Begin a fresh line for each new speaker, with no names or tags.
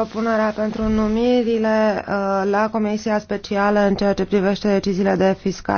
propunerea pentru numirile uh, la Comisia Specială în ceea ce privește deciziile de fiscal.